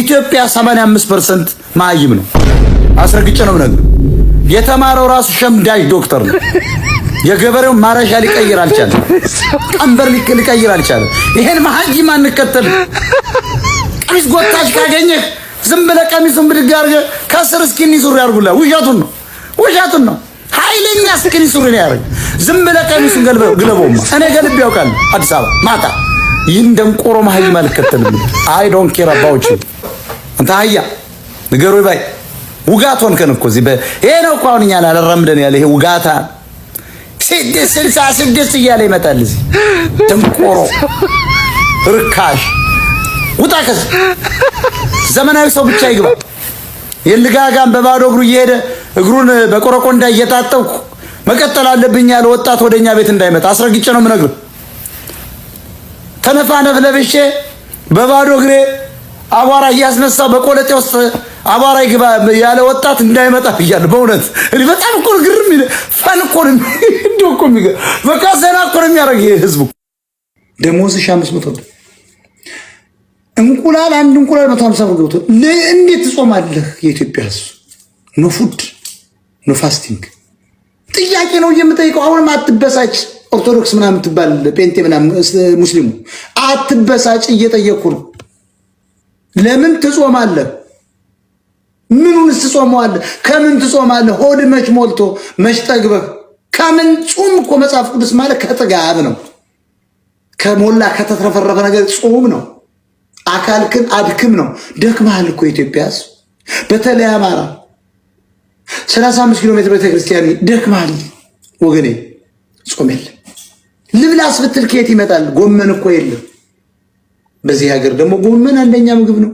ኢትዮጵያ 85 ፐርሰንት መሀይም ነው። አስረግጬ ነው ነገር የተማረው ራሱ ሸምዳጅ ዶክተር ነው። የገበሬውን ማረሻ ሊቀይር አልቻለ፣ ቀንበር ሊቀይር አልቻለ። ይሄን መሀይም አንከተል። ቀሚስ ጎታች ካገኘህ ዝም ብለህ ቀሚሱን ብድግ አድርገህ ከስር እስኪኒ ሱሪ አድርጉልህ። ውሸቱን ነው ውሸቱን ነው። ኃይለኛ እስኪኒ ሱሪ ነው ያደረገ። ዝም ብለህ ቀሚሱን ግለበውማ። እኔ ገልብ ያውቃል አዲስ አበባ ማታ ይህን ደንቆሮ መሀይም አልከተልም። አይ ዶንት ኬር አባውት አንተ አህያ ንገሩ ይባይ ውጋት ሆንከን እኮ እዚህ ይሄ ነው እኮ አሁን እኛን አላረምደን ያለ ይሄ ውጋታ ስድስት ስልሳ ስድስት እያለ ይመጣል። እዚህ ደንቆሮ ርካሽ ውጣ ከዚህ ዘመናዊ ሰው ብቻ ይግባ። የልጋጋን በባዶ እግሩ እየሄደ እግሩን በቆረቆንዳ እየታጠብኩ መቀጠል አለብኝ ያለ ወጣት ወደኛ ቤት እንዳይመጣ አስረግጬ ነው የምነግርህ። ተነፋነፍ ለብሼ በባዶ እግሬ አቧራ እያስነሳ በቆለጤ ውስጥ አቧራ ይግባ ያለ ወጣት እንዳይመጣ ብያለሁ። በእውነት እኔ በጣም እኮ ግርም ይለ ፈን እኮ ነው እንደው እኮ የሚገ በቃ ዘና እኮ ነው የሚያደርግ ይሄ ህዝቡ። ደሞዝሽ አምስት መቶ ብር እንቁላል አንድ እንቁላል መቶ ሀምሳ ብር ገብቶ እንዴት ትጾማለህ? የኢትዮጵያ ህዝብ ኖ ፉድ ኖ ፋስቲንግ ጥያቄ ነው የምጠይቀው። አሁንም አትበሳጭ ኦርቶዶክስ ምናምን ትባል ጴንጤ ምናምን ሙስሊሙ አትበሳጭ፣ እየጠየቅኩ ነው ለምን ትጾማለህ? ምኑንስ ትጾመዋለህ? ከምን ትጾማለህ? ሆድ መች ሞልቶ መች ጠግበህ ከምን ጹም እኮ መጽሐፍ ቅዱስ ማለት ከጥጋብ ነው። ከሞላ ከተትረፈረፈ ነገር ጾም ነው። አካልክን አድክም ነው። ደክመሃል እኮ ኢትዮጵያ ሕዝብ በተለይ አማራ 35 ኪሎ ሜትር ቤተክርስቲያን ደክመሃል ወገኔ። ጾም የለም ልብላስ ብትል ከየት ይመጣል? ጎመን እኮ የለም። በዚህ ሀገር ደግሞ ጎመን አንደኛ ምግብ ነው።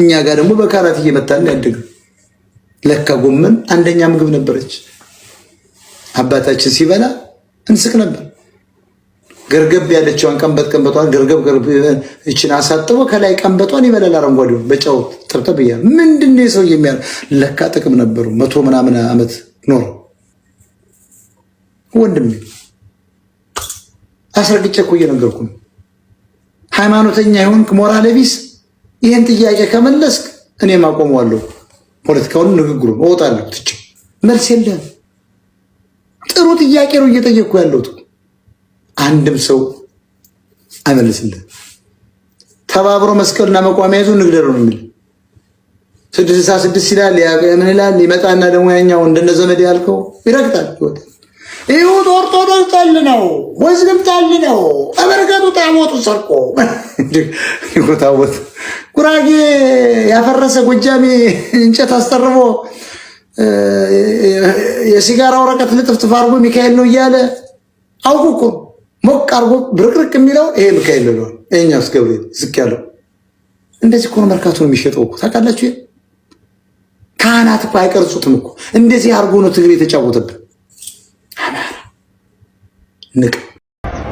እኛ ጋር ደግሞ በካራት እየመታን ያደግ ለካ ጎመን አንደኛ ምግብ ነበረች። አባታችን ሲበላ እንስቅ ነበር። ገርገብ ያለችዋን ቀንበጥ ቀንበቷን ገርገብ እችን አሳጥቦ ከላይ ቀንበቷን ይበላል። አረንጓዴው በጫው ጠብጠብ እያ ምንድን ሰው የሚያ ለካ ጥቅም ነበሩ። መቶ ምናምን ዓመት ኖረ ወንድም አስረግጬ እኮ እየነገርኩ ነው። ሃይማኖተኛ የሆንክ ሞራል ቢስ ይህን ጥያቄ ከመለስክ እኔ አቆመዋለሁ። ፖለቲካውን፣ ንግግሩን እወጣለሁ ትች መልስ የለም። ጥሩ ጥያቄ ነው እየጠየቅኩ ያለሁት። አንድም ሰው አይመልስልን። ተባብሮ መስቀልና መቋሚያ ይዞ ንግደር ነው የሚል ስድስት ስድስት ይላል። ምን ይላል? ይመጣና ደግሞ ያኛው እንደነ ዘመድ ያልከው ይረግጣል ይወጣል። ይሁት ኦርቶዶክስ ጠል ነው፣ ሙስሊም ጠል ነው። እበርገጡ ጣሞቱ ሰርቆ ይሁታውት ጉራጌ ያፈረሰ ጎጃሜ እንጨት አስተርቦ የሲጋራ ወረቀት ልጥፍጥፍ አድርጎ ሚካኤል ነው እያለ አውቁ እኮ ሞቅ አድርጎ ብርቅርቅ የሚለው ይሄ ሚካኤል ነው። ይኸኛውስ ገብርኤል ዝቅ ያለው እንደዚህ እኮ ነው መርካቶ የሚሸጠው እኮ ታውቃላችሁ። ካህናት እኮ አይቀርጹትም እኮ እንደዚህ አድርጎ ነው ትግሬ የተጫወተብን። ንቅ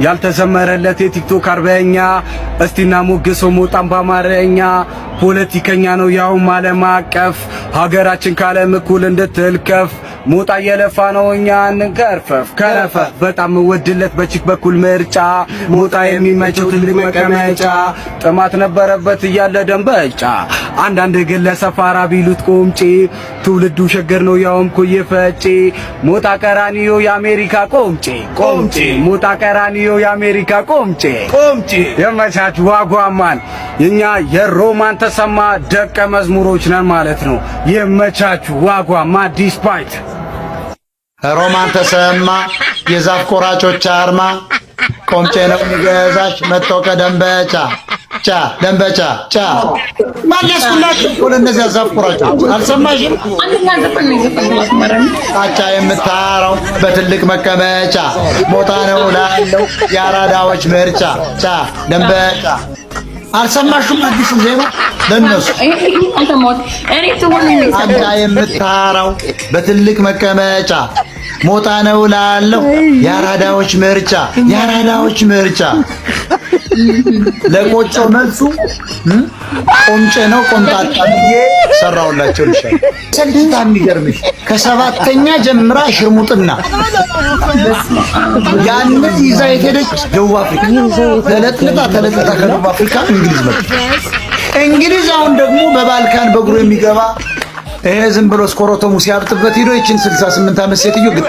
ያልተዘመረለት የቲክቶክ አርበኛ እስቲና ሞገሶ ሞጣም በአማርኛ ፖለቲከኛ ነው ያውም ዓለም አቀፍ ሀገራችን ካለም እኩል እንድትልከፍ ሞጣ እየለፋ ነው እኛ እንንከርፈፍ ከረፈ በጣም ወድለት በቺክ በኩል ምርጫ ሞጣ የሚመቸው ትልቅ መቀመጫ ጥማት ነበረበት እያለ ደንበጫ አንዳንድ ግለሰብ ፋራ ቢሉት ቁምጪ ትውልዱ ሸገር ነው ያውም ኩዬ ፈጬ ሞጣ ቀራኒዮ የአሜሪካ ቁምጪ ቁምጪ ሞጣ ቀራኒዮ የአሜሪካ ቁምጪ ቁምጪ የመቻች ዋጓማን እኛ የሮማን ተሰማ ደቀ መዝሙሮች ነን ማለት ነው። የመቻቹ ዋጓ ማዲስ ፓይት ሮማን ተሰማ የዛፍ ቆራጮች አርማ ቆምጬ ነው የሚገዛሽ መጥቶ ከደንበጫ ጫ ደንበጫ ጫ ማለስኩላችሁ። ሁሉ እነዚያ ዛፍ ቆራጮች አልሰማሽም? ጣጫ የምታራው በትልቅ መቀመጫ ቦታ ነው ላለው የአራዳዎች ምርጫ ጫ ደንበጫ አልሰማሽም? አዲሱ ዜማ ለነሱ አንዳ የምታራው በትልቅ መቀመጫ ሞጣ ነው ላለው የአራዳዎች ምርጫ የአራዳዎች ምርጫ ለቆጮ መልሱ ቆንጨ ነው። ቆንጣጣ ብዬ ሰራውላቸው ይሻል። ሰልታ የሚገርምሽ ከሰባተኛ ጀምራ ሽርሙጥና ያን ይዛ የሄደች ደቡብ አፍሪካ ተለጥልጣ ተለጥልጣ ከደቡብ አፍሪካ እንግሊዝ መጣ። እንግሊዝ አሁን ደግሞ በባልካን በእግሩ የሚገባ ይሄ ዝም ብሎ እስኮሮቶሙ ሲያብጥበት ሂዶ ይችን 68 ዓመት ሴትዮ ግጥ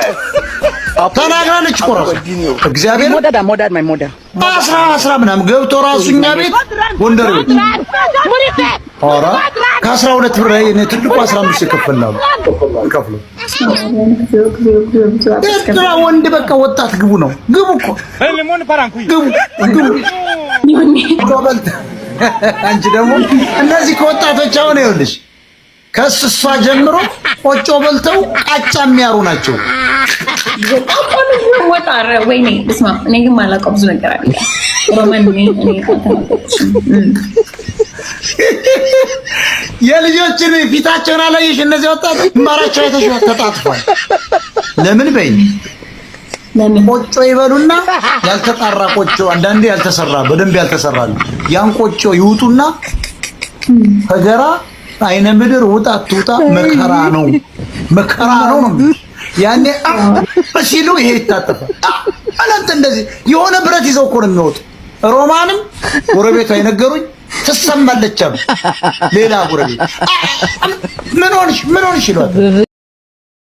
ተናግራለች እኮ እግዚአብሔር አስራ አስራ ምናምን ገብቶ ራሱ እኛ ቤት ጎንደር ቤት ኧረ ከአስራ ሁለት ብር እኔ ትልቁ አስራ አምስት ኤርትራ ወንድ በቃ ወጣት ግቡ ነው ግቡ እኮ ግቡ ግቡ አንቺ ደግሞ እነዚህ ከወጣቶች አሁን ይኸውልሽ ከእሱ እሷ ጀምሮ ቆጮ በልተው ቃጫ የሚያሩ ናቸው። የልጆችን ፊታቸውን አላየሽ? እነዚህ ወጣት እምባራቸው አይተሽ ተጣጥፏል። ለምን በይ ቆጮ ይበሉና ያልተጣራ ቆጮ፣ አንዳንዴ ያልተሰራ በደንብ ያልተሰራ ያን ቆጮ ይውጡና ከገራ አይነ ምድር ውጣ ትውጣ መከራ ነው መከራ ነው። ያኔ ሲሉ ይሄ ይታጠፋል። አላንተ እንደዚህ የሆነ ብረት ይዘው እኮ ነው የሚወጡ። ሮማንም ጎረቤቷ የነገሩኝ ትሰማለች አሉ። ሌላ ጎረቤት ምን ሆንሽ ምን ሆንሽ ይሏል።